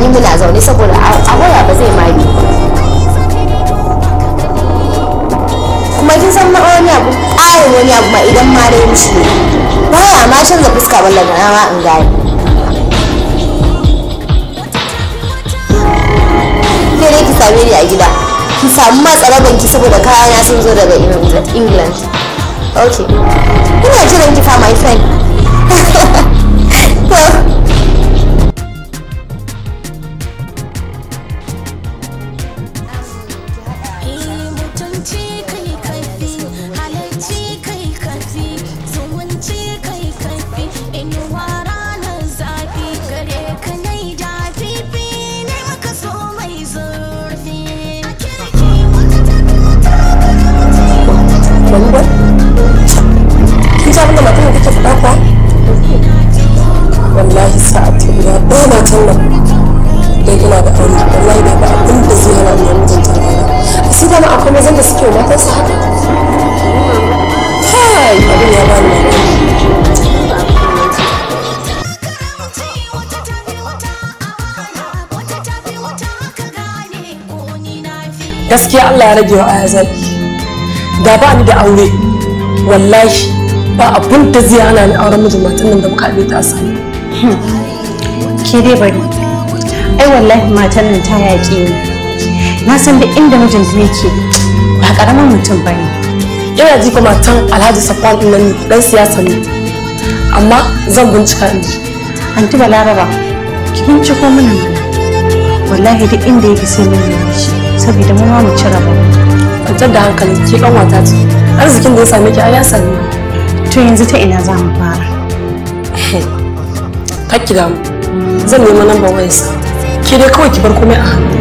amfani muna zaune saboda a waya ba zai mari kuma kin san wani abu ƙarin wani abu ma idan ma dai mishi ne baya ma canza fuska wallan na ma in gane ke ne ki same ni a gida ki samu matsaraban ki saboda na sun zo daga england ok ina jiran ki fa my friend well rage wa aya zaki da ba ni da aure wallahi ba abin da zai hana ni auren mijin matan nan da muka bi ta sani ke dai bari ai wallahi matan nan ta yaki ni na san da inda mijin yake ba ƙaramin mutum ba ne ina ji kuma matan alhaji safan ɗin nan dan siyasa ne amma zan bincika in ji anti balaraba ki binciko mana wallahi duk inda yake sai mun yi shi saboda mu ma mu ci raba kwantar da hankali ki kan wata ce arzikin da ya same ki a ya same to yanzu ta ina za mu fara kakki da mu zan nemi number wayarsa ki dai kawai ki bar komai a hannu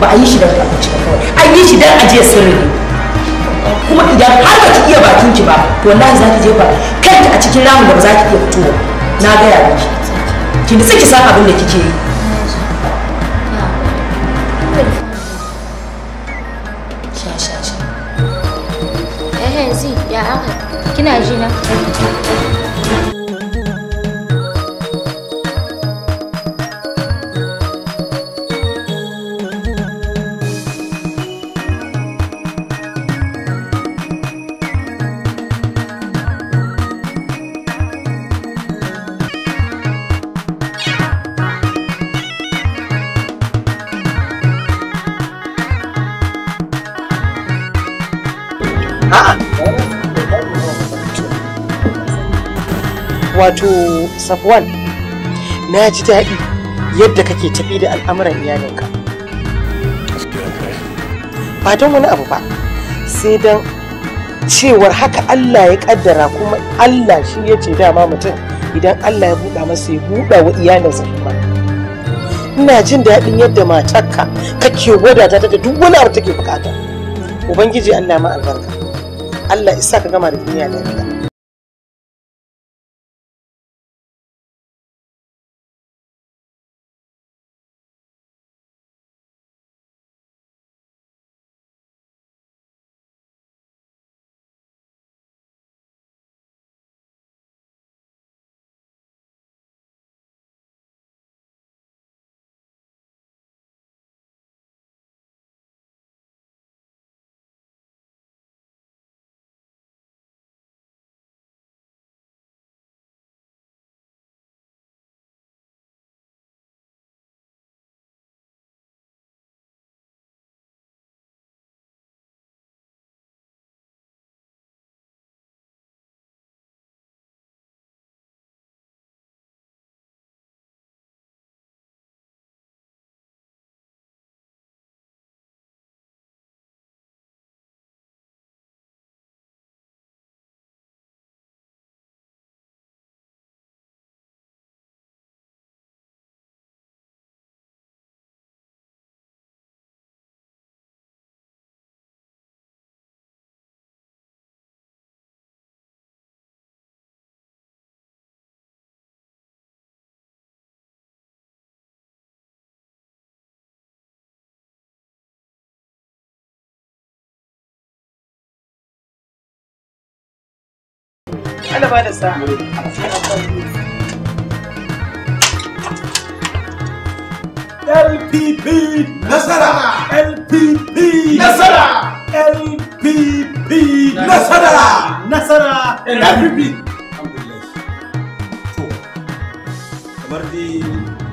ba a yi shi don abinci ba kawai an yi shi don ajiye sirri kuma idan har ba ki iya bakin ki ba to wallahi za ki je ba kanta a cikin ramin da ba za ki iya fitowa na gaya miki ki nitsi ki san abin da kike yi eh, kina ji na wato safwan na ji daɗi yadda kake tafi da al'amuran iyalinka ba don wani abu ba sai don cewar haka allah ya kaddara kuma allah shi ya ce dama mutum idan allah ya buɗa masa ya buɗa wa iyalinsa kuma ina jin daɗin yadda matarka kake wadata ta da duk wani abu take bukata ubangiji allah ma albarka allah isa ka gama da duniya da Allah ba da LPP nasara LPP nasara LPP nasara nasara LPP dai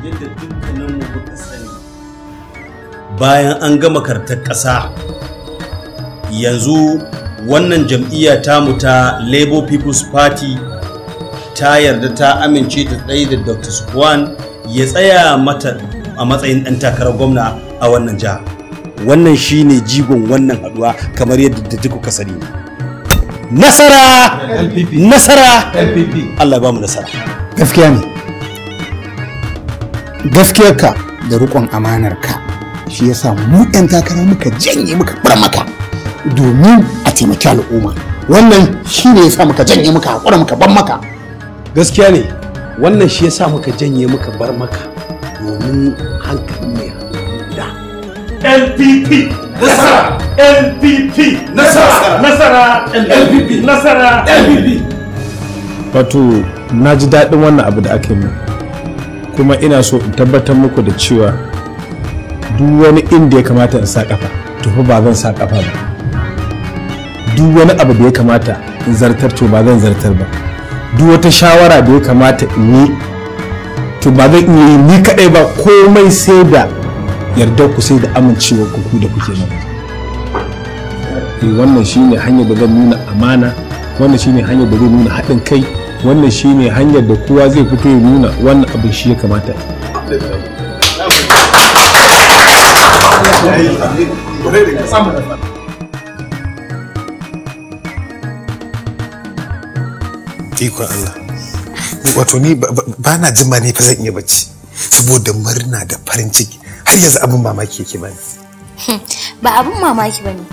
yadda dukkanin mu sani bayan an gama kartar ƙasa yanzu wannan jam'iyya tamu ta labour people's party ta yarda ta amince ta tsaye da dr sukwan ya tsaya mata a matsayin ɗan takarar gwamna a wannan jiha wannan shine jigon wannan haduwa kamar yadda da kuka sani nasara nasara Allah ba mu nasara gaskiya ne gaskiyarka da amanar amanarka shi yasa mu 'yan takara muka janye muka bar maka domin taimaki al'umma wannan shi ne yasa muka janye muka haƙura muka ban maka gaskiya ne wannan shi yasa muka janye muka bar maka domin hankali mai guda LPP nasara LPP nasara nasara LPP nasara LPP wato na ji daɗin wannan abu da aka yi kuma ina so in tabbatar muku da cewa duk wani inda ya kamata in sa kafa to fa ba zan sa kafa ba duk wani abu da ya kamata in zartar to ba zan zartar ba duk wata shawara da ya kamata in yi to ba zan iya yi ni kaɗai ba komai sai da yardar ku sai da amincewa ku ku da kuke nan wannan shine hanyar da zan nuna amana wannan shine hanyar da zan nuna haɗin kai wannan shine hanyar da kowa zai fito ya nuna wannan abin shi ya kamata Thank you. ikon Allah wato ni ba na jin ne fa zan iya bacci saboda murna da farin ciki har yanzu abin mamaki yake bani hmm, ba abin mamaki bane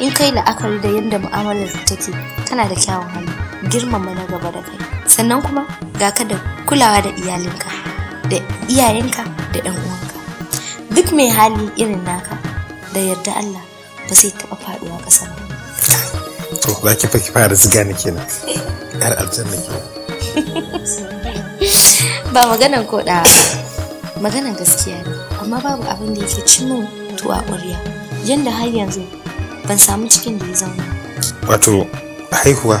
in kai la'akari da yadda mu'amalar take tana da kyawun hali girmama na gaba da kai sannan kuma ga ka da kulawa da iyalinka da iyayenka da ɗan uwanka duk mai hali irin naka da yarda Allah ba zai taɓa faɗuwa ƙasa ba to za ki faki fara ziga ni kenan yar aljanna kenan ba maganan ko da maganan gaskiya ne amma babu abin da yake ci min tuwa ƙwarya yanda har yanzu ban samu cikin da ya zauna wato haihuwa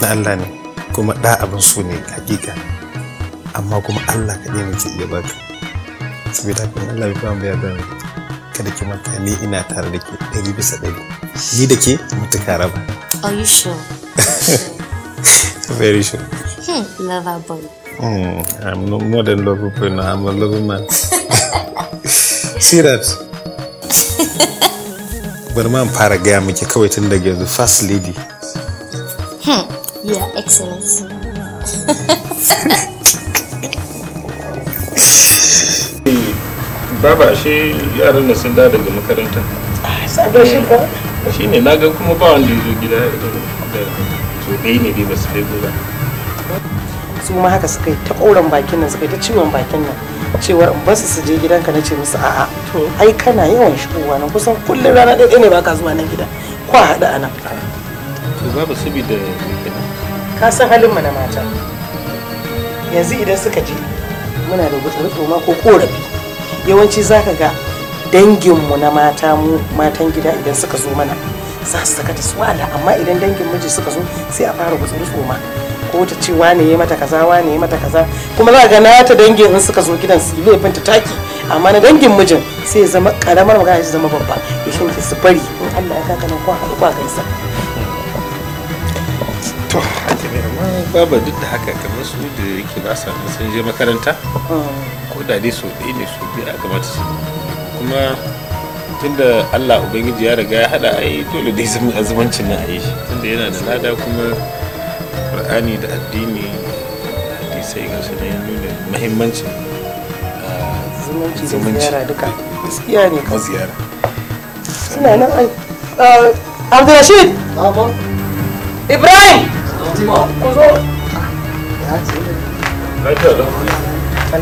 na Allah ne kuma da abin so ne hakika amma kuma Allah kaɗai ne ke iya baka saboda kuma Allah ya ba mu yarda ne kada ki manta ni ina tare da ke ɗari bisa ɗari ni da ke mutuka raba are you sure very sure hmm, lover boy hmm I'm more than lover boy no I'm a lover man see that bari ma fara gaya miki kawai tun daga yanzu first lady hmm, your excellent baba shi yaran da sun daga makaranta sabon shiga shi eh, ne na ga kuma ba wanda ya zo gida da to ne dai ba su dai gura su ma haka suka yi ta ƙoran bakin nan suka yi ta ciwon bakin nan cewar in ba su je gidanka na ce musu a'a to ai kana yawan shigowa nan kusan kullum rana ɗaya ne ba ka zuwa nan gida kwa haɗu a nan to babu sabida ka san halin mu na mata yanzu idan suka je muna da gutsuri ma ko korafi yawanci za ka ga danginmu na mata mu matan gida idan suka zo mana za su saka ta suwala amma idan dangin miji suka zo sai a fara gutsuri tsoma ko ta ce wane ya mata kaza wane ya mata kaza kuma za ga ta dangin in suka zo gidan su laifin ta taki amma na dangin mijin sai zama karamar magana shi zama babba ya shinke su bari in Allah ya kaka nan ko a ko gaisa to haka ne amma babu duk da haka kamar su da yake ba sa sun je makaranta mm. kudade so ɗaya ne so biyu a kamata su kuma tunda allah ubangiji ya riga ya haɗa a yi dole dai zama azumancin na a yi shi tunda yana da lada kuma ƙar'ani da addini sai ga su ya nuna muhimmancin ah, zumunci da ziyara duka gaskiya ne ziyara suna nan ai ah, abdulrashid ibrahim ku zo ya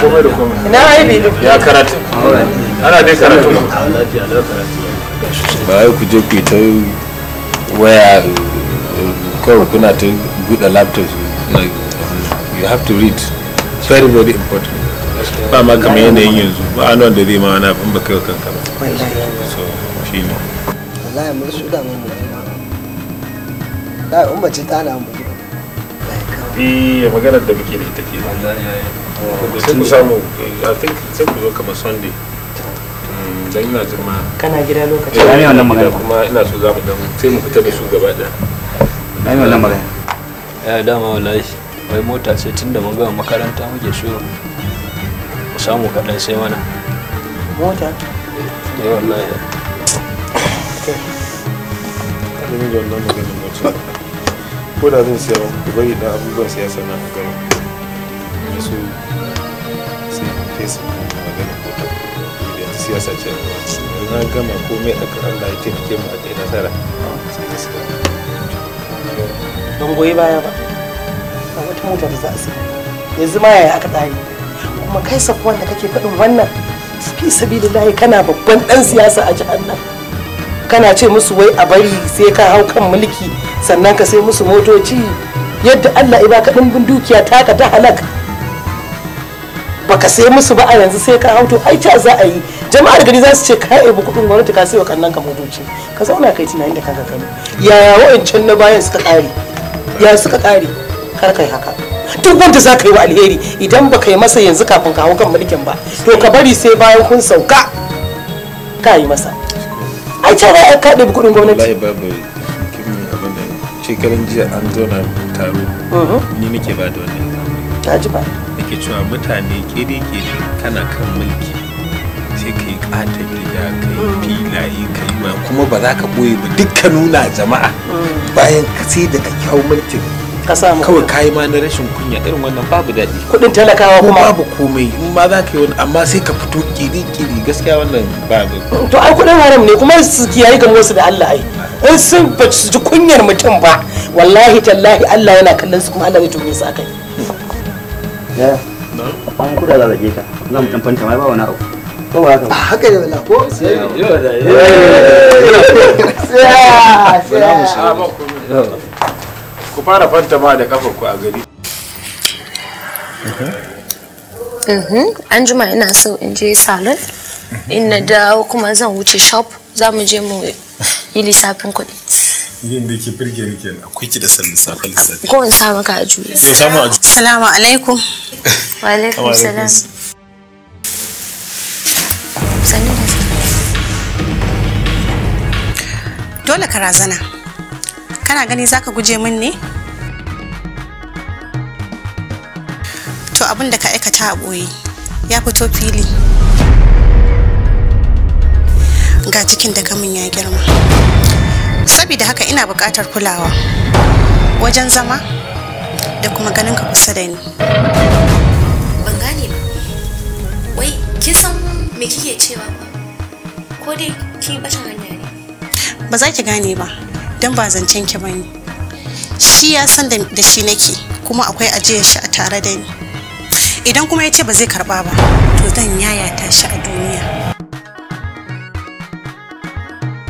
komai da komai ina ya karatu ana dai karatu ba ya ku je ku ta waya kawai kuna ta buɗe laptop you have to read it's very very important ba ma kamar yanayin yanzu ba zai ma wani abin ba kanka ba so shi ne su da mun umma ce na eh maganar da muke da ita ke sun eh, samu eh, i think sai ku zo kamar sunday hmm, dan ina jin ma kana gida lokacin da eh, ne wannan magana kuma ina so za mu dan sai mu fita da su gaba da na yi wannan magana ya dama wallahi wai mota ce ka da mun gama makaranta muke so mu samu kaɗan sai mana mota eh wallahi ko da zan siya ku bari da abubuwan siya sannan a gano da su sai fesa magana ko ta yanzu siyasa ce na gama komai a kan Allah ya taimake mu a kai nasara sai ta siya don goyi baya ba ba wata mota da za a siya yanzu ma yaya aka tsari kuma kai safuwan da kake faɗin wannan fi sabilillahi kana babban ɗan siyasa a jihar nan kana ce musu wai a bari sai ka hau kan mulki sannan ka sai musu motoci yadda Allah iba ka ɗumbin dukiya ka ta ba baka sai musu ba a yanzu sai ka hauto ai ta za a yi da gani za su ce ka ba kuɗin gwamnati ka sai wa kannan ka motoci ka zauna kai tunanin da kanka kani yaya wa'ancan na bayan suka ƙare ya suka ƙare kar kai haka duk wanda za ka yi wa alheri idan ba ka yi masa yanzu kafin ka hau kan mulkin ba to ka bari sai bayan kun sauka ka yi masa ai ta za a kaɗe kuɗin gwamnati shekaran jiya an zauna taro mm-hmm. ni nake ba da wannan ta ji ba nake cewa mutane kere kere kana kan mulki sai ka yi ƙaton gida ka yi mm. filaye ka yi ma kuma ba za ka ɓoye ba dukka nuna jama'a mm. bayan sai da ka kyau kawai ka yi ma na rashin kunya irin wannan babu daɗi kuɗin talakawa kuma babu komai in ma za ka yi wani amma sai ka fito kiri-kiri gaskiya wannan babu to ai kuɗin haram ne kuma su kiyaye kamar wasu da Allah ai in sun ba su ji kunyar mutum ba wallahi tallahi Allah yana kallon su kuma Allah zai tumi su akai ya an kuda da rage ka zan mutum fanta mai ba wani abu ko ba haka ba haka ne wallahi ko sai yau da yau ku fara fanta ma da kafar ku a gari mhm. an juma ina so in je salon in na dawo kuma zan wuce shop za mu je mu yi lissafin kuɗi yin da ke birge ni kenan akwai ki da sanin safa lissafi. ko in samu ka a juya yau samu a juya assalamu alaikum wa alaikum salam sanni da dole ka razana kana gani zaka guje min ne to abin da ka aikata a ɓoye ya fito fili ga cikin da kamun ya girma saboda haka ina buƙatar kulawa wajen zama da kuma ganin ka kusa da ni ban gane ba wai kin san me kike cewa ba ko dai ki bata hanya ne ba za ki gane ba don ba zancen ki bane shi ya san da shi nake kuma akwai ajiyar shi a tare da ni idan kuma ya ce ba zai karba ba to zan ta shi a duniya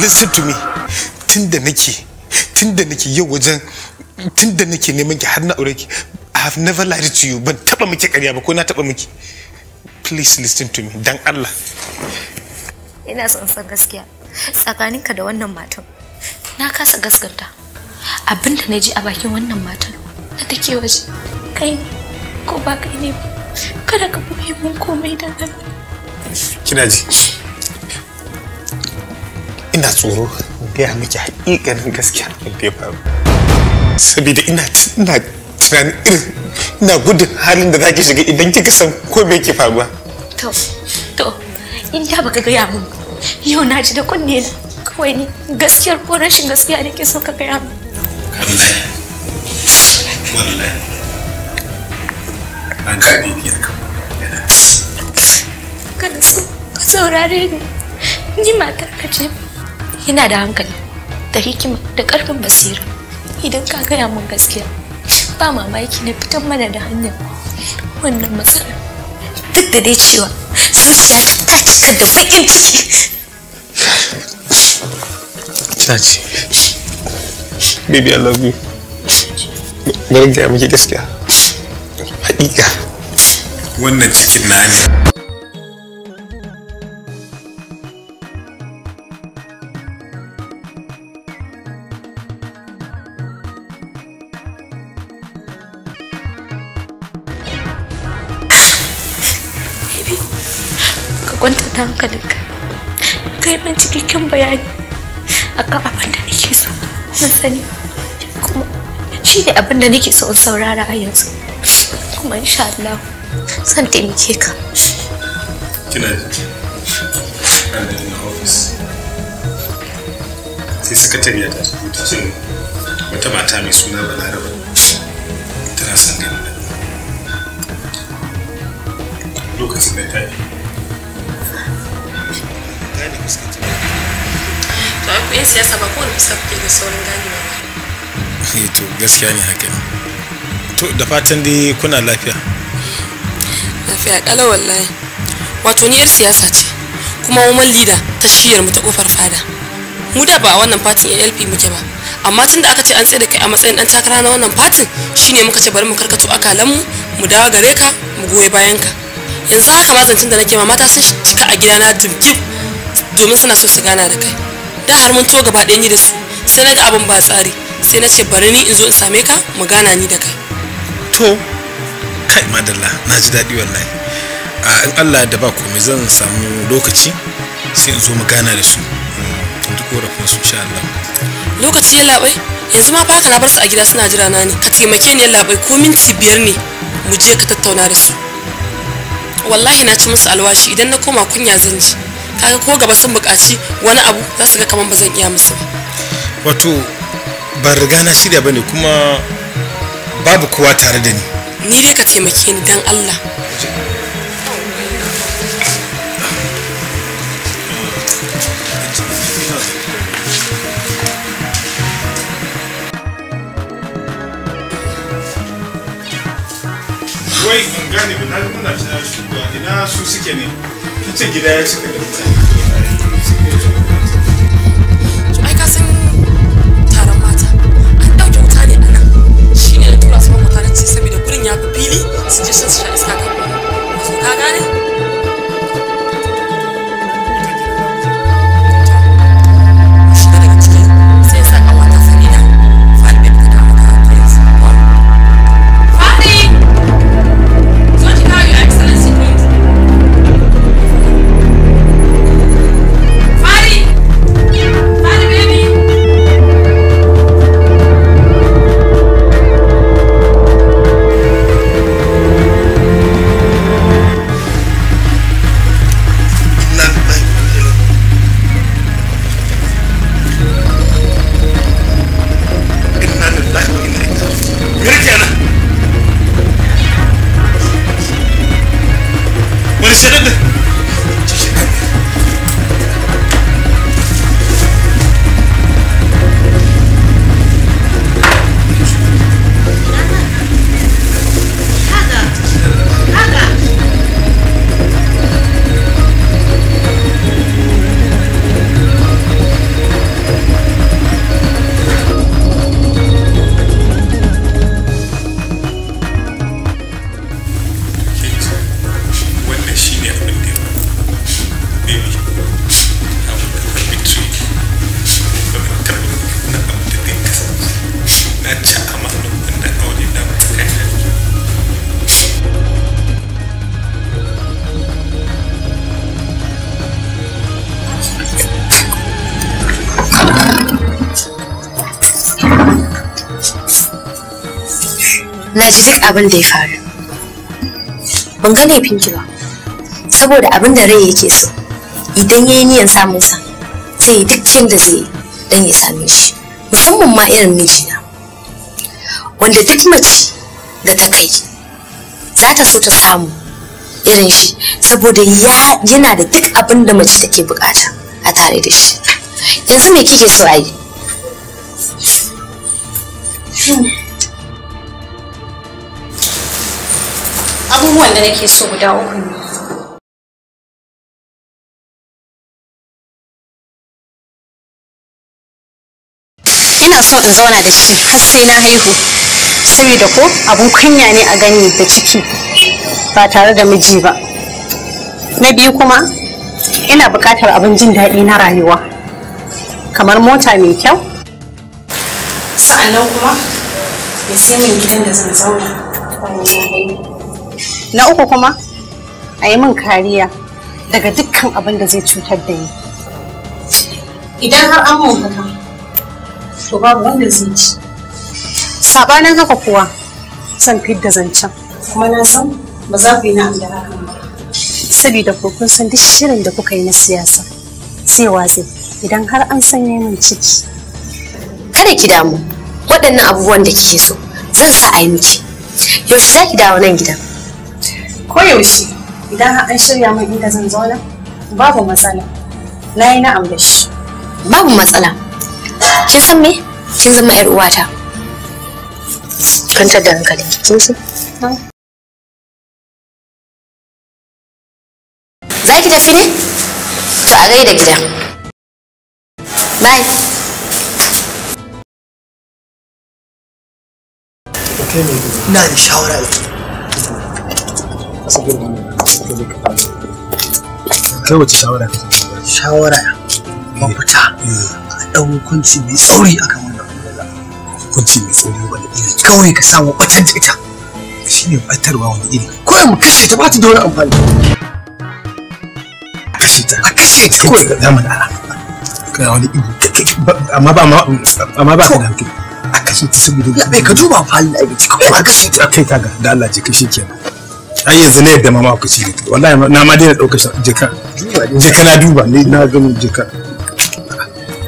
listen to me tunda nake tunda nake yau wajen tunda nake neman ki har na aure ki i have never lied to you ban taba miki ƙarya ba ko na taba miki please listen to me dan Allah ina son san gaskiya tsakaninka da wannan matan na kasa gaskanta abinda na ji a bakin wannan matan da take waje kai ne ko ba kai ne ba kada ka buge mun komai da kina ji ina tsoro gaya miki haƙiƙanin gaskiya abin da ya faru saboda ina ina tunanin irin ina gudun halin da zaki shiga idan kika san ko me yake faruwa to to in da baka gaya mun yau na ji da kunne na kawai ne gaskiyar ko rashin gaskiya nake so ka gaya mun wallahi wallahi an gane ni akan kada so ka saurare ni ni matar ka ce yana da hankali da hikima da ƙarfin basira idan ka gaya mun gaskiya ba mamaki na fitan mana da hanyar wannan matsala duk da dai cewa zuciya ta cika da baƙin ciki baby i love you bari gaya miki gaskiya haƙiƙa wannan cikin na ne ta hankalinka kai min cikakken bayani akan abin da nake so na sani kuma shi ne abin da nake so in saurara a yanzu kuma insha Allah zan taimake ka kina sai sakatariya ta rubuta ce wata mata mai suna balaraba tana son ganin lokacin da ta yi yan siyasa ba kowane fuska kuke da saurin ganewa ba eh, to gaskiya ne haka to da fatan dai kuna lafiya lafiya kala wallahi wato ni yar siyasa ce kuma woman leader ta shiyar mu ta kofar fada mu da ba a wannan fatin ALP muke ba amma tun da aka ce an tsaye da kai a matsayin dan takara na wannan fatin shine muka ce bari mu karkato akalan mu mu dawo gare ka mu goye bayan ka yanzu haka ma zancen da nake ma mata sun cika a gidana dimdim domin suna so su gana da kai da har mun to gaba ɗayan yi da su sai na ga abin ba tsari sai na ce bari ni in zo in same ka mu gana ni da ka to kai madalla na ji daɗi wallahi a in allah da ba komai zan samu lokaci sai in zo mu gana da su mm, in ji korafin su sha allah lokaci ya labai yanzu ma fata na bar su a gida suna jira na ne ka taimake ni ya labai ko minti biyar ne mu je ka tattauna da su wallahi na ci musu alwashi idan na koma kunya zan ji kaga ko gaba sun bukaci wani abu za su ga kamar ba zan iya musu ba wato ba riga na shirya bane kuma babu kowa tare da ni ni dai ka taimake ni dan Allah wai ban gane ba na kuna ina su suke ne ce gida ya cika da mutane ai ka san taron mata an ɗauke wuta ne ana shi ne da tura su mutane saboda gurin ya fi fili su je iska kan ka gane consider the na ji duk abin da ya faru ban ga laifinki ba saboda abin da rai yake so idan ya yi niyan samun sa zai yi duk yadda zai dan ya same shi musamman ma irin mijina wanda duk mace da ta kai za ta so ta samu irin shi saboda yana da duk abin da mace take bukata a tare da shi yanzu me kike so a abubuwan da nake so guda uku ne ina so in zauna da shi har sai na haihu saboda ko abun kunya ne a gani da ciki ba tare da miji ba na biyu kuma ina buƙatar abin jin daɗi na rayuwa kamar mota mai kyau sa'annan kuma ya sai min gidan da zan zauna na haihu na uku kuma a yi min kariya daga dukkan abin da zai cutar da ni idan har an mafaka to babu wanda zai ci sabanin haka kuwa zan da zancen kuma na san ba za ku yi na'am da haka ba saboda ko kun san duk shirin da kuka yi na siyasa sai waze idan har an sanya min ciki kada ki damu waɗannan abubuwan da kike so zan sa a yi miki yaushe za ki dawo nan gidan koyaushe idan an shirya min inda zan zauna babu matsala na yi na'am da shi babu matsala kin san me kin zama yar uwata kwantar da hankali kin ji za ki tafi ne to a gaida gida bye na da shawara da kai wace shawara kake shawara eh. mafita eh. a ɗau hukunci mai tsauri akan wannan hukunci mai tsauri wani iri kawai ka samu ɓatar da ita shine ɓatarwa wani iri kawai mu kashe ta ba ta da wani amfani a kashe ta a kashe ta kawai ga zama da ana wani iri amma ba amma ba ka da a kashe ta saboda ya bai ka duba halin da ake ciki kawai a kashe ta kai ka ga da Allah ce kashe kenan ai yanzu ne yadda mama ku ci wallahi na ma daina daukar sa jika jika na duba ni na ga jika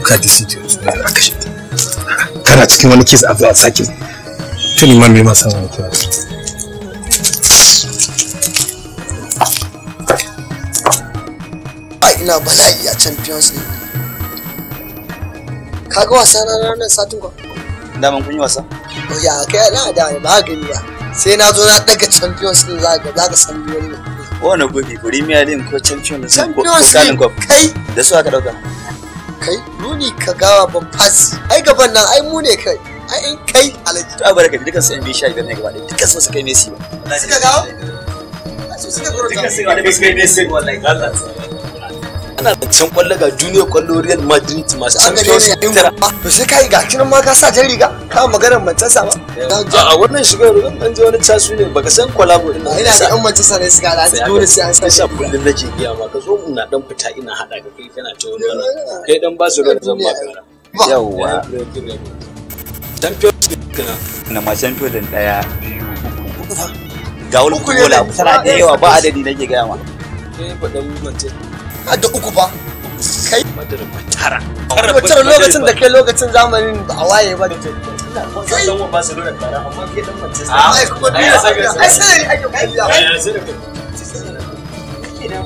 ka ji sun ji aka shi kana cikin wani kisa abu a sake tuni ma me ma san wani ai ina bala'i a champions league kaga wasa na ranar satun kwa da mun kunyi wasa ya kai na da ba gani ba sai na zo na daga champions din za ka za ka san biyo ne wani gobe premier league ko champions league ko kalin cup kai da su aka dauka kai nuni ka gawa ban pass ai gaban nan ai mu ne kai ai in kai alaji to abarka dukan su NBA 15 ne gaba da dukan su kai yi Messi ba suka gawo su suka gurga dukan su da Messi wallahi Allah ana zancen kwallo ga junior kwallo real madrid masu an gane tara to sai kai ga kinan ma ka sa jan riga ka maganar manchester ba a wannan shigar ruwan dan je wani casu ne baka san kwalabo din ina da yan manchester ne suka da dole sai an sa sha kullun nake giya ma ka zo na dan fita ina hada ka kai kana ta wannan kai dan ba su ruwan zan ba yawwa champions league na ma champions din daya biyu ga wani gola tana da yawa ba adadi nake gaya ma manchester da uku ba. kai madarba tara lokacin da kai lokacin zamanin ba a waye ba da ke kai kai ah. kuma da ai sai kai ya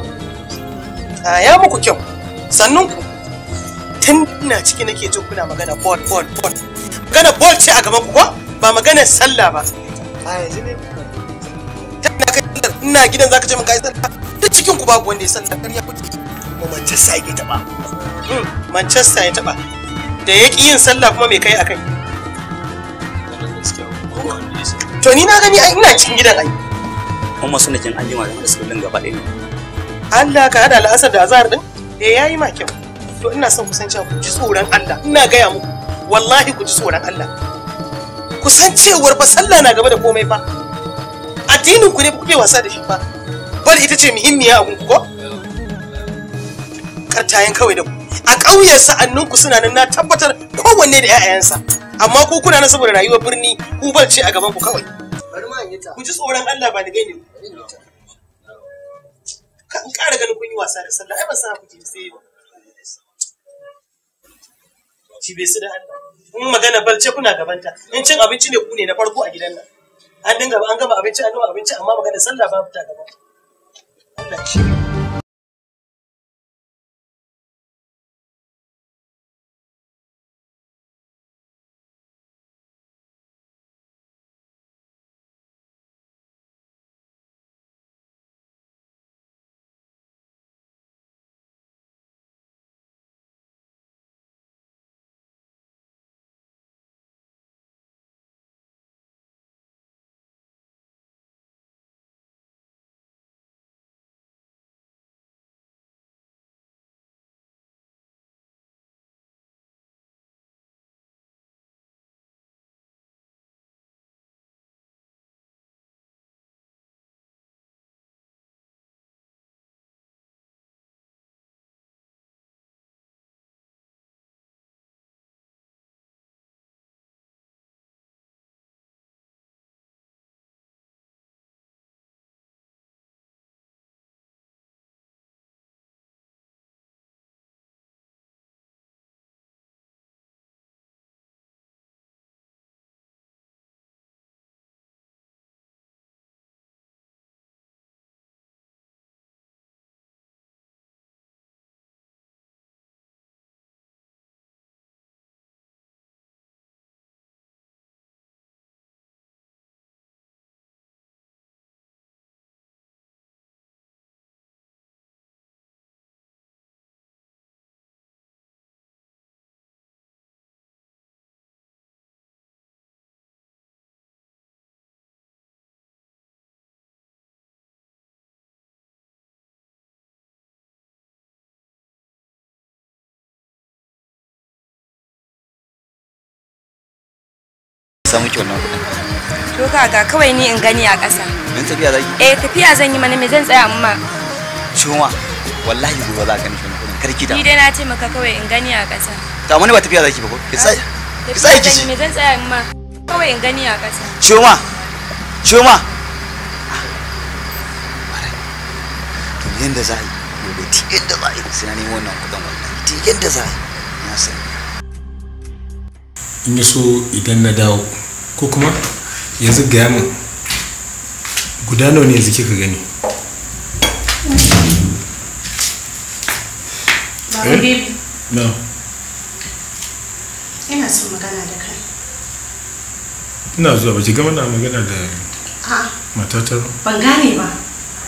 ah, ya muku kyau ku tun ina ciki nake jin kuna magana magana ce a gaban ku ko ba magana sallah ba a ina gidan zaka ce mun kai sallah duk cikin ku babu wanda ya sallah kar ya ko manchester ya taba manchester ya taba da ya yin sallah kuma me kai akai to ni na gani ina cikin gidan ai kuma suna kin an jima da su gaba ɗaya Allah ka hada al'asar da azhar din eh yayi ma kyau to ina son ku san cewa ku ji tsoron Allah ina gaya muku wallahi ku ji tsoron Allah ku san cewar ba sallah na gaba da komai ba addinin ku ne kuke wasa da shi ba bal ita ce muhimmiya a ku ko kartayen kawai da ku a ƙauye sa'anninku suna nan na tabbatar kowanne da 'ya'yansa amma ku kuna nan saboda rayuwar birni ubar ce a gaban ku kawai ku ji tsoron Allah ba da gani ka in ƙara ganin kun yi wasa da sallah ai ba sa ku ji sai ba ci da Allah in magana balce kuna gabanta in cin abinci ne ku ne na farko a gidan nan an dinga an gama abinci an gama abinci amma magana sallah ba ta gaba Allah ya samu ki wannan kuɗin to kaga kawai ni in gani a ƙasa min tafiya zaki eh tafiya zan yi mana me zan tsaya amma shoma wallahi gobe za ka nufi wannan kuɗin karki da ni dai na ce maka kawai in gani a ƙasa to ne ba tafiya zaki ba ko ki tsaya ki tsaya ki me zan tsaya amma kawai in gani a ƙasa shoma shoma to yanda za yi gobe ti yadda za yi sai na nemo wannan kuɗin wallahi ti yadda za yi na sani in so idan na dawo ko kuma yanzu gaya mu guda nawa ne yanzu kika gani eh? No. Ina son magana da kai. Ina zuwa baki ki gama na magana da matata ba. Ban gane ba.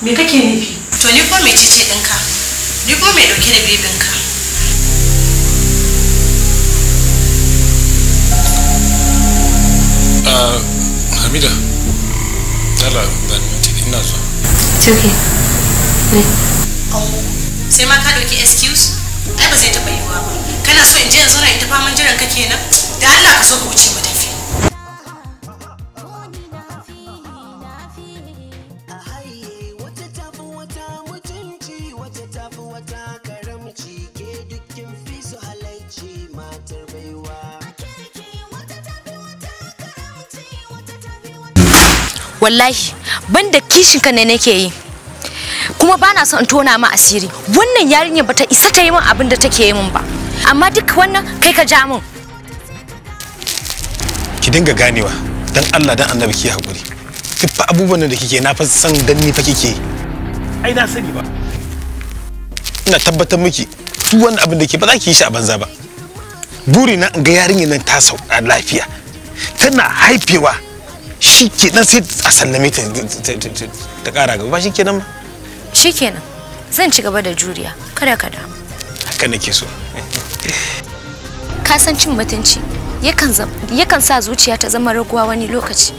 Me kake nufi? To ni ko cece ɗinka? Ni ko me ɗauke da bibinka? hamida tala ba ni ina zuwa it's okay oh, sai ma ka ɗauki excuse ai ba zai taɓa yiwuwa ba kana so in je yanzu na ita faman jiran ka kenan da Allah ka zo ka wuce mata wallahi ban da kishin ka ne nake yi kuma bana son in tona ma asiri wannan yarinya bata isa ta yi min abin da take yi min ba amma duk wannan kai ka ja min ki dinga ganewa dan Allah dan annabi ki hakuri duk fa abubuwan da kike na fa san dan ni fa kike ai na sani ba ina tabbatar miki duk wannan abin da ke ba za ki yi shi a banza ba buri na ga yarinyar nan ta sauka lafiya tana haifewa shi kenan sai a sallame ta ta kara gaba shi kenan ba shi kenan zan ci gaba da juriya kada ka damu haka nake so ka san cin mutunci yakan sa zuciya ta zama raguwa wani lokaci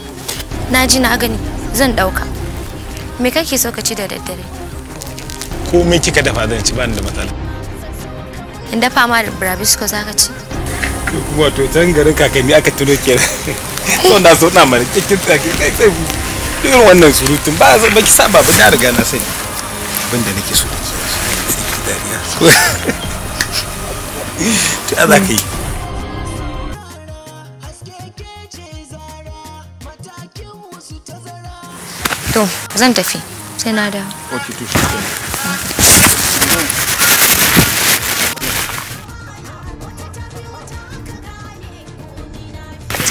na ji na gani zan dauka me kake so ka ci da daddare komai kika dafa zan ci bani da matsala in dafa ma da brabisco zaka ci wato tangarin kakanni aka tuno kenan so na so na mana kikin tsaki kai sai irin wannan surutun ba zan baki saba ba na riga na sani abin da nake so ta za ka yi to zan tafi sai na dawo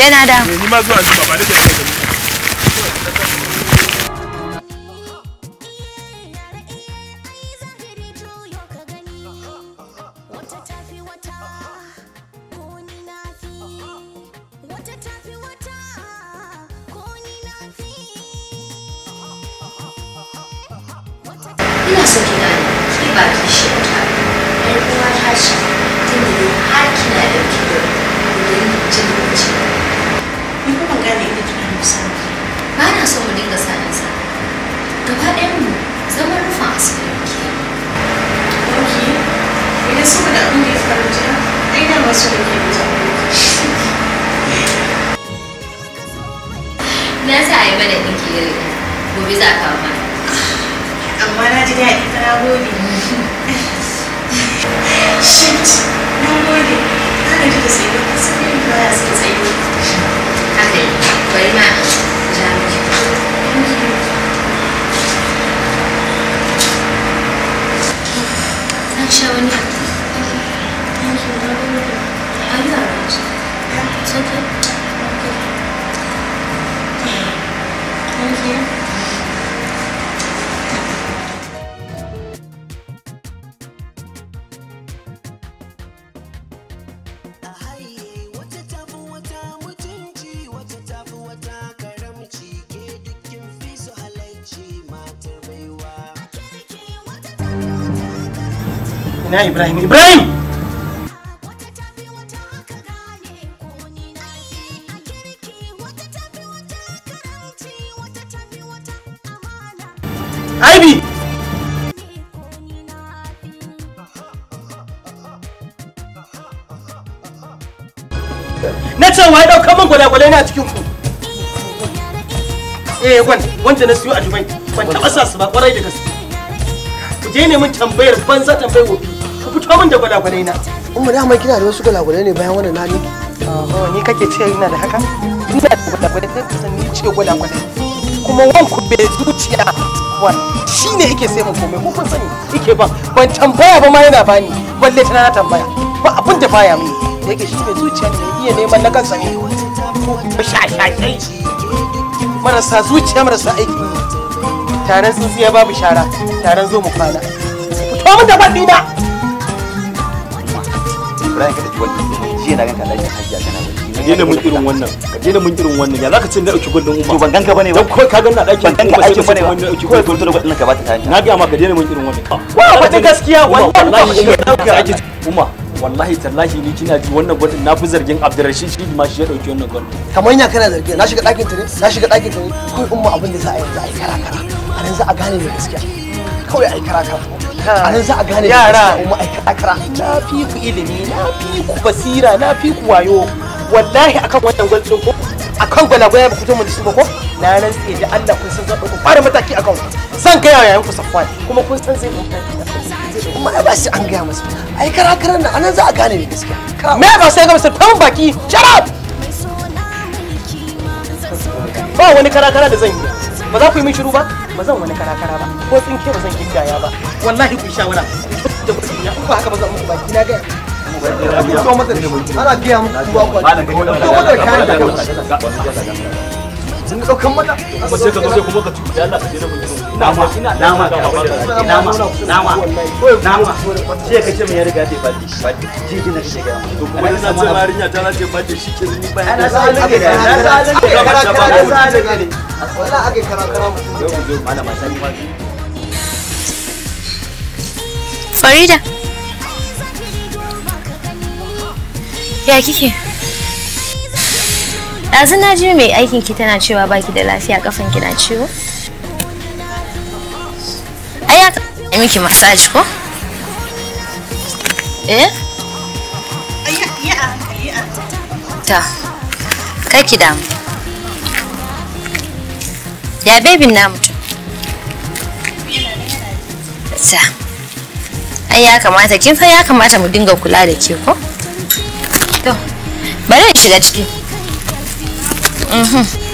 yana da eh, ni ma zuwa zuwa ba da ina ibrahim ibrahim Ivy! Na ce wa ya ɗauka min gwalagwalai na a cikin ku. Eh gwan, wanda na siyo a Dubai, ban taɓa sa su ba ƙwarai da gaske. Ku je neman tambayar banza tambayar zo da gwalagwalai na umma kina da wasu gwalagwalai ne bayan wannan nani ni kake ce ina da haka ina da gwalagwalai ni ce gwalagwalai kuma wan ku bai zuciya wan shine yake sai mun komai ko kun sani yake ba ban tambaya ba ma yana bani balle tana na tambaya ba abin da baya mini da yake shi bai zuciya ne iya neman na kansa ne ko shashashai marasa zuciya marasa aiki taron tsintsiya babu shara taron zo mu kwana fito mun da baɗi na Ibrahim ka daji wannan jiya na ganka lafiya hajiya kana bacci ka mun irin wannan ka daina mun irin wannan ya zaka ce na dauki gudun umma to ban ganka bane ba ko ka ganna dakin ban ganka aikin bane ba ko ka tura gudun ka ba ta tanya na ga ma ka daina mun irin wannan ah, wa ba ta gaskiya wallahi shi dauka aikin umma wallahi tallahi ni kina ji wannan gwardin na fi zargin Abdulrashid shi ma shi ya dauki wannan gwardin kamar ya kana zargi na shiga dakin ta na shiga dakin umma abin da za a yi za a yi kara kara a yanzu a gane me gaskiya kawai a yi kara kara a nan za a gane yara ma'aikata na fi ku ilimi na fi ku basira na fi ku wayo wallahi akan wannan gwalcin ko akan gwalagwaya ba ku mun da ba ko na nan tsaye da Allah kun san zan ku fara mataki a akan zan gaya yayan ku safwan kuma kun san zai mutu kuma ai ba shi an gaya masa ai kara karan nan anan za a gane ne gaskiya me ba sai ga masa tan baki shut up ba wani kara kara da zan yi ba za ku yi min shiru ba ba zan wani karakara ba ko tsinke ba zan kiddaya ba wallahi ku shawara da ku tsinya ba haka ba zan muku baki na ga ana biya muku ba ku ba da ba da sun Farida Ya kike? ɗazu na ji mai aikin ki tana cewa baki da lafiya kafan ki na ciwo ai ya miki masaji ko eh ta kai ki damu ya bebin na mutum ta ai ya kamata kin san ya kamata mu dinga kula da ke ko to bari in shiga ciki Uh huh.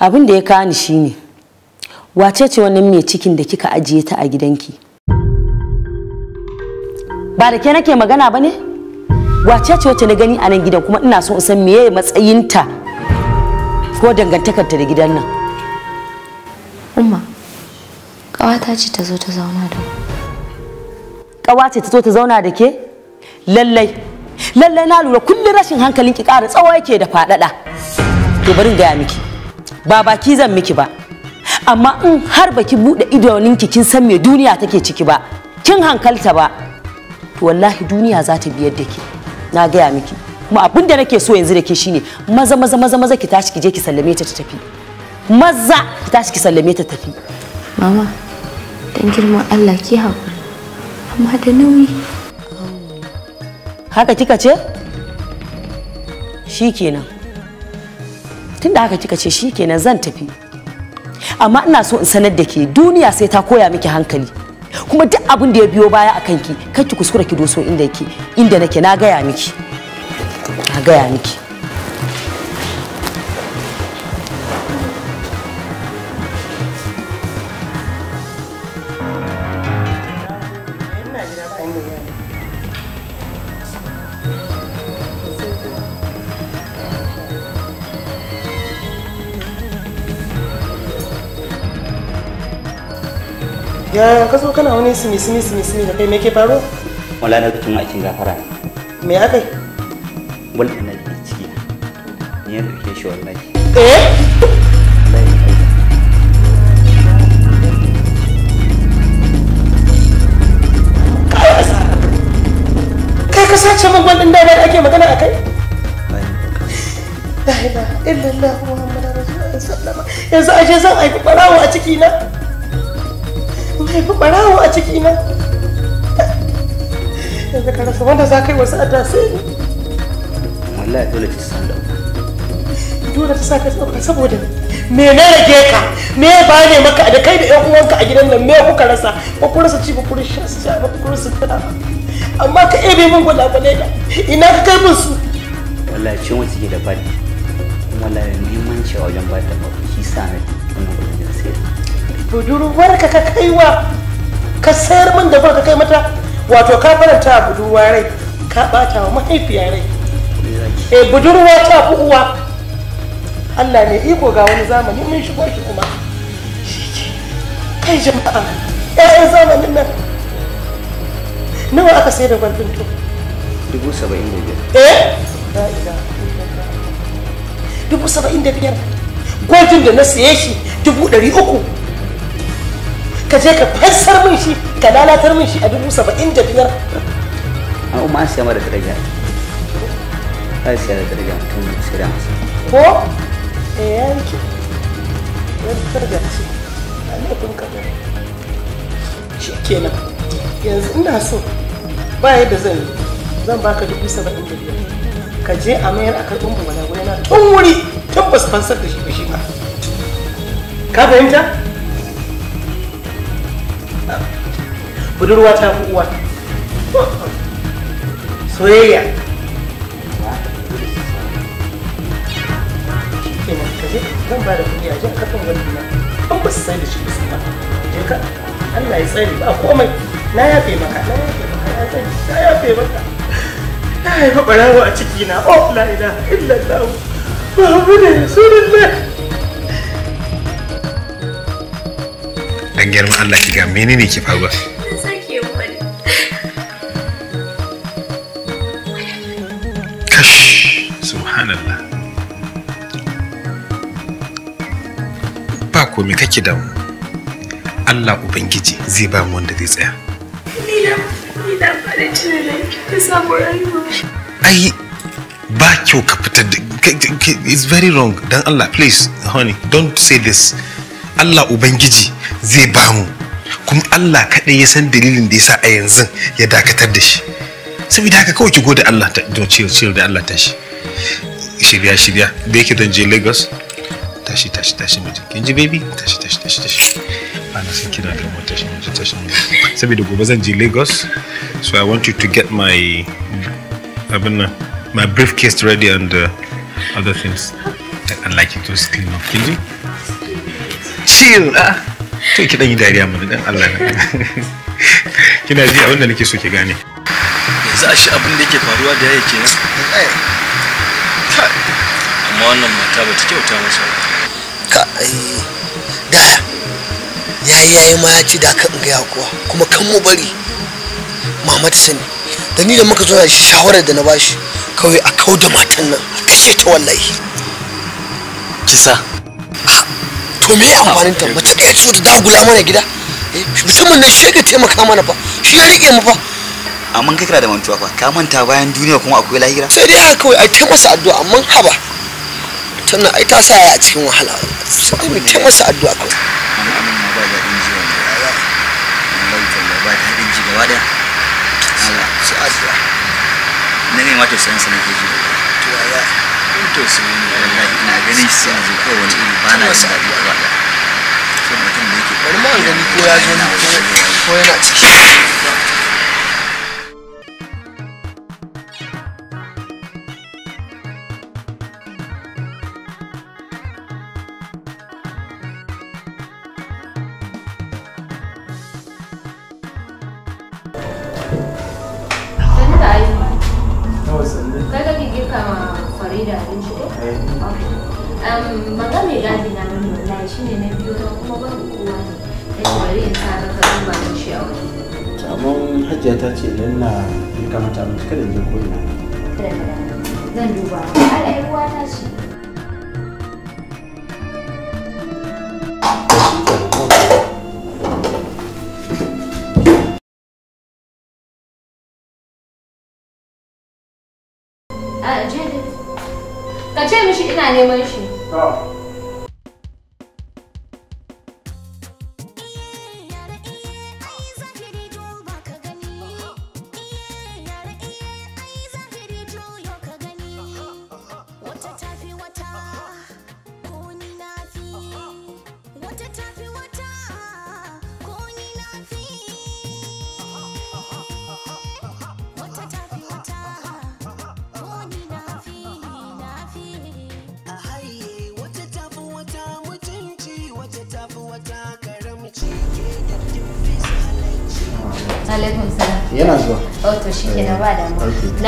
abin da ya kani shine wace ce wannan mai cikin da kika ajiye ta a gidanki ba da ke nake magana ba ne wace ce wacce na gani a nan gidan kuma ina so in san meye matsayinta ko dangantakarta da gidan nan umma ta ce ta zo ta zauna da kawa ce ta zo ta zauna da ke lallai lallai na lura kullum rashin hankalin ki ƙara tsawo yake da faɗaɗa to bari gaya miki ba baki zan miki ba amma in har baki bude idoninki kin san me duniya take ciki ba kin hankalta ba to wallahi duniya za ta biyar da ke na gaya miki kuma abin da nake so yanzu da ke shine maza maza maza maza ki tashi ki je ki sallame ta ta tafi maza ki tashi ki sallame ta tafi mama dan girman Allah ki haƙuri amma da nauyi haka kika ce shikenan tun da haka kika ce shi kenan zan tafi amma ina so in sanar da ke duniya sai ta koya miki hankali kuma duk abin da ya biyo baya a kanki kai ki kuskura ki doso inda yake inda nake na gaya miki na gaya miki ya ka zo kana wani sumi sumi sumi sumi da kai me ke faru wala na cikin aikin gafara ne me akai wala na ke ciki ne ya dauke shi wallahi eh kai ka sace min wannan da ake magana akai la ilaha illallah muhammadur rasulullah yanzu ashe zan aiki barawo a ciki na haifi barawo a na yanzu ka rasa wanda za ka yi wasu a tasiri wallahi dole ta san ɗauka dole ta sa ka tsoka saboda me na rage ka me ba ne maka da kai da ƴan uwanka a gidan nan me kuka rasa ba ku rasa ci ba ku rasa sha ba ku rasa tana amma ka ebe min gwada ba ne ina ka kai musu su wallahi cin wata ke da fadi kuma wallahi muhimmanci a wajen ba ta ba shi sa na budurwar ka ka kaiwa ka sayar min da ka kai mata wato ka faranta a budurwa rai ka bata wa mahaifiya rai eh budurwa ta fi uwa Allah ne iko ga wani zamani mun shigo shi kuma kai jama'a ƴaƴan zamanin nan nawa aka sayar da gwaldin to dubu saba'in da biyar eh dubu saba'in da biyar gwaldin da na saye shi dubu ɗari uku ka je ka fassar min shi ka lalatar min shi a dubu saba'in da biyar an umma an siya mara daraja an siya da daraja mutum da sai da masa ko eh ya yi wani daraja ce a laifin kadar shi kenan yanzu ina so ba yadda zan yi zan baka dubu saba'in da biyar ka je a mayar a karɓin buwala wani na tun wuri tabbas fansar da shi ba shi ba ka fahimta budurwa ta fi uwa soyayya zan ba da a je kafin wani na an ba su sai da shi su ba je ka Allah ya ba komai na yafe maka na yafe maka na na yafe maka ɓarawo a ciki na oh la illallah dan girma Allah ki ga menene ke faruwa kash subhanallah ba komai kake da Allah ubangiji zai ba mu wanda zai tsaya ni da da ciki ne ka samu rayuwa ai ba kyau ka fitar da it's very wrong dan Allah please honey don't say this Allah Ubangiji zai ba mu kuma Allah kaɗai ya san dalilin da ya sa a yanzu ya dakatar da shi saboda haka kawai ki gode Allah ta don ciyar da Allah tashi shirya shirya da yake don je Lagos tashi tashi tashi mutum kin ji baby tashi tashi tashi tashi ana san kira da wata tashi mutum tashi saboda gobe zan je Lagos so I want you to get my abinna my briefcase ready and uh, other things. I like it to clean up, kin ji? ciwo na ah. to ki dan yi dariya mana dan Allah na kina ji abin da nake so ki gane yanzu a shi abin da yake faruwa da yake nan amma wannan mata ba ta kyauta masa ka da yayi yayi ma ya ci da kan ga kuwa kuma kan mu bari mama ta sani da ni da muka zo da shi shawarar da na bashi kawai a da matan nan kashe ta wallahi kisa to me amfanin ta mace ɗaya ta zo ta dagula mana gida eh, musamman nan shi taimaka mana fa shi ya rike mu fa amma kai kira da mantuwa fa ka manta bayan duniya kuma akwai lahira sai dai haka kawai ai ta masa addu'a amma haba tana ai ta sa ya a cikin wahala sai mu ta masa addu'a kawai na ne mata san sanar da jiwa kyau su yi ne wallahi ina ganin shi sai na zo kawai wani iri ba na yin daɗi a baya sai mutum da yake bari ma gani ko ya zo ko yana ciki kai kake girka ma farida abinci ban ga mai gadi na bane wallahi shine na biyo ta ne kai bari in sa ka kan ba ni shi a wani amma hajjia ta ce dan na kamata kada je ko ina zan duba ai ruwa ce 那你们去。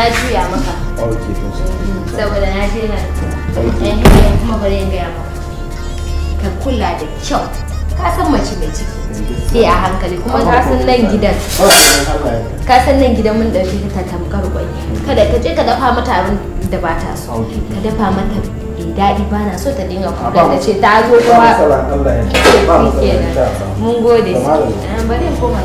na juya maka mm, saboda na je na yan kuma bari yin gaya maka ka kula da kyau ka san mace mai ciki sai a hankali kuma ka san nan gidan ka san nan gidan mun ɗauki ta tamkar kwai kada ka je ka dafa mata abin da ba ta so ka dafa mata mai daɗi ba na so ta dinga kuka ta ce ta zo kuma mun gode eh, bari in koma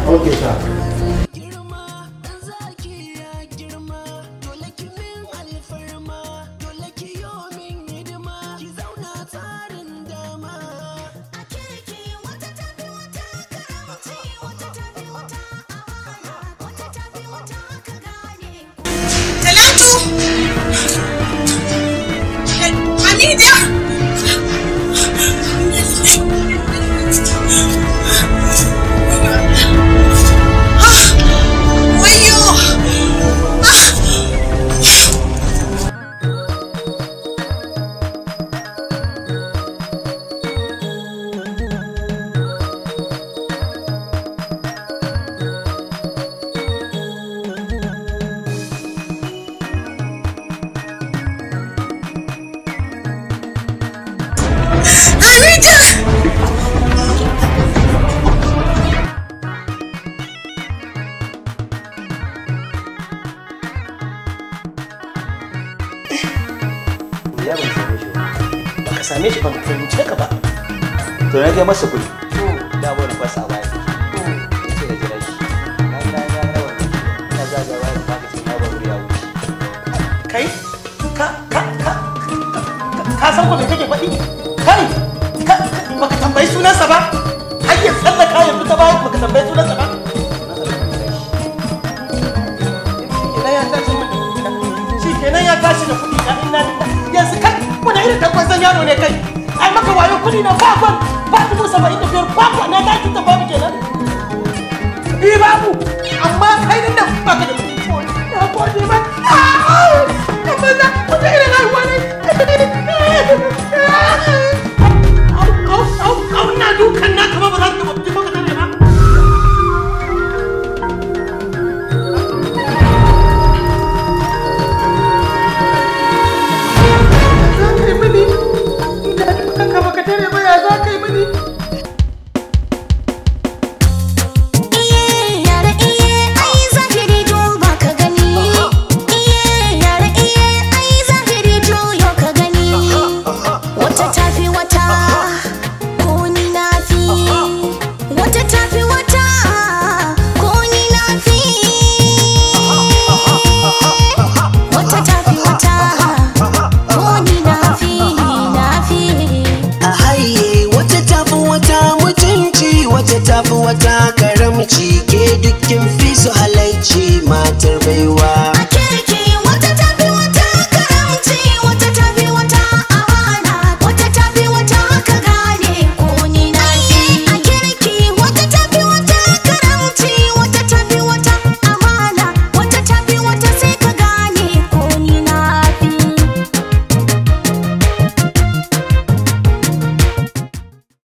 kwayo kuɗi na bakon ba dubu saba'in da biyar babu na dakin da babu kenan babu amma kai nan da da kuɗi na gode ba na banza kama ka ba